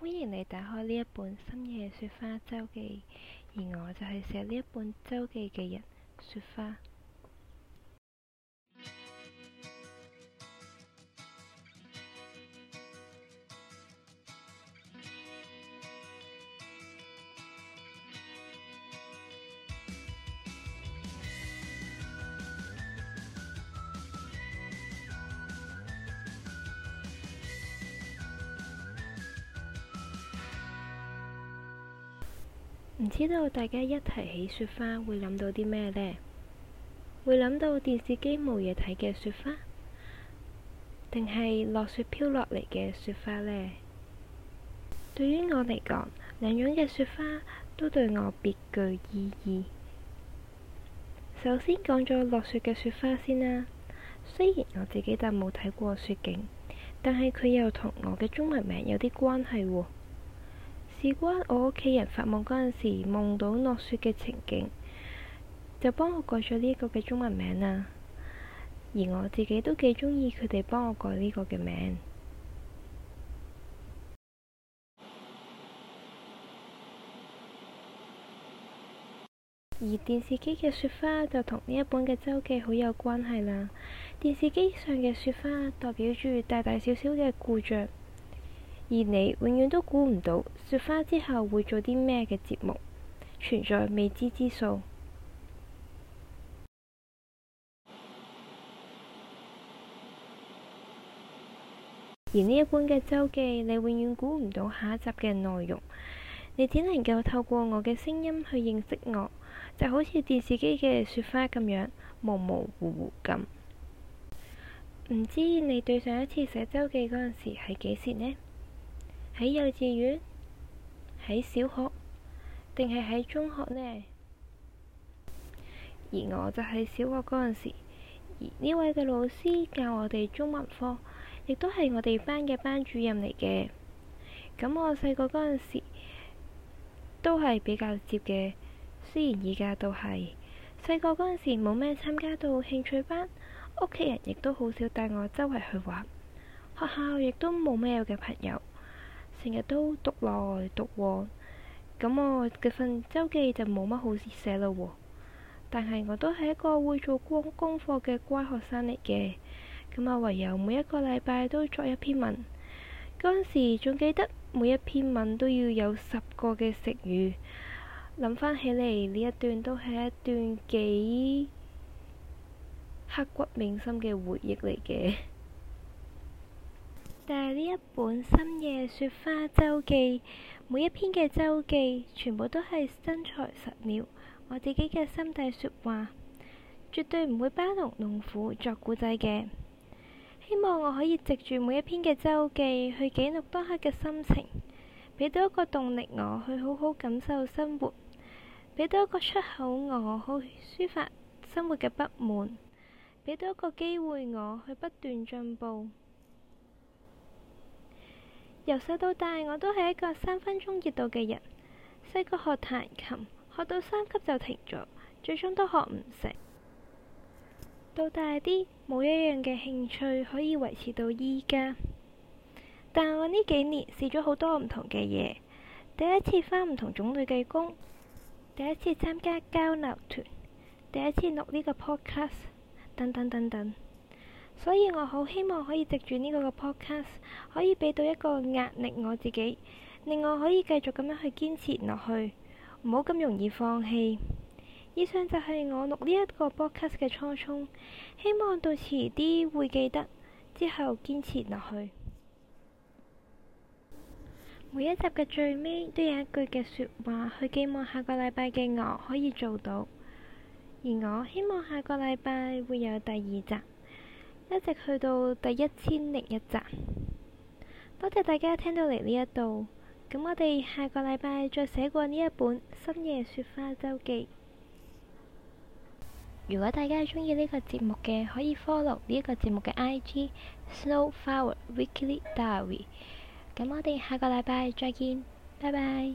歡迎你打開呢一本《深夜雪花周記》，而我就係寫呢一本周記嘅人，雪花。唔知道大家一提起雪花，會諗到啲咩呢？會諗到電視機冇嘢睇嘅雪花，定係落雪飄落嚟嘅雪花呢？對於我嚟講，兩樣嘅雪花都對我別具意義。首先講咗落雪嘅雪花先啦。雖然我自己就冇睇過雪景，但係佢又同我嘅中文名有啲關係喎。事關我屋企人發夢嗰陣時，夢到落雪嘅情景，就幫我改咗呢一個嘅中文名啦。而我自己都幾鍾意佢哋幫我改呢個嘅名。 而電視機嘅雪花就同呢一本嘅周記好有關係啦。電視機上嘅雪花代表住大大小小嘅故障。而你永遠都估唔到雪花之後會做啲咩嘅節目，存在未知之數。而呢一本嘅周記，你永遠估唔到下一集嘅內容，你只能夠透過我嘅聲音去認識我，就好似電視機嘅雪花咁樣模模糊糊咁。唔知你對上一次寫周記嗰陣時係幾時呢？喺幼稚園，喺小學定係喺中學呢？而我就係小學嗰陣時，而呢位嘅老師教我哋中文科，亦都係我哋班嘅班主任嚟嘅。咁我細個嗰陣時都係比較接嘅，雖然而家都係，細個嗰陣時冇咩參加到興趣班，屋企人亦都好少帶我周圍去玩，學校亦都冇咩嘅朋友。成日都讀來讀往，咁我嘅份周記就冇乜好寫啦喎。但係我都係一個會做功功課嘅乖學生嚟嘅，咁啊唯有每一個禮拜都作一篇文。嗰陣時仲記得每一篇文都要有十個嘅食語。諗翻起嚟，呢一段都係一段幾刻骨銘心嘅回憶嚟嘅。但係呢一本《深夜雪花周記》，每一篇嘅周記全部都係真材實料，我自己嘅心底說話，絕對唔會班龍弄虎作古仔嘅。希望我可以藉住每一篇嘅周記，去記錄當刻嘅心情，俾多一個動力，我去好好感受生活，俾多一個出口，我去抒發生活嘅不滿，俾多一個機會，我去不斷進步。由細到大，我都係一個三分鐘熱度嘅人。細個學彈琴，學到三級就停咗，最終都學唔成。到大啲，冇一樣嘅興趣可以維持到依家。但我呢幾年試咗好多唔同嘅嘢，第一次返唔同種類嘅工，第一次參加交流團，第一次錄呢個 podcast，等等等等。所以我好希望可以藉住呢個嘅 podcast 可以畀到一個壓力我自己，令我可以繼續咁樣去堅持落去，唔好咁容易放棄。以上就係我錄呢一個 podcast 嘅初衷，希望到遲啲會記得之後堅持落去。每一集嘅最尾都有一句嘅説話，去寄望下個禮拜嘅我可以做到，而我希望下個禮拜會有第二集。一直去到第一千零一集，多謝大家聽到嚟呢一度，咁我哋下個禮拜再寫過呢一本《深夜雪花周記》。如果大家鍾意呢個節目嘅，可以 follow 呢一個節目嘅 IG Snow Flower Weekly Diary。咁我哋下個禮拜再見，拜拜。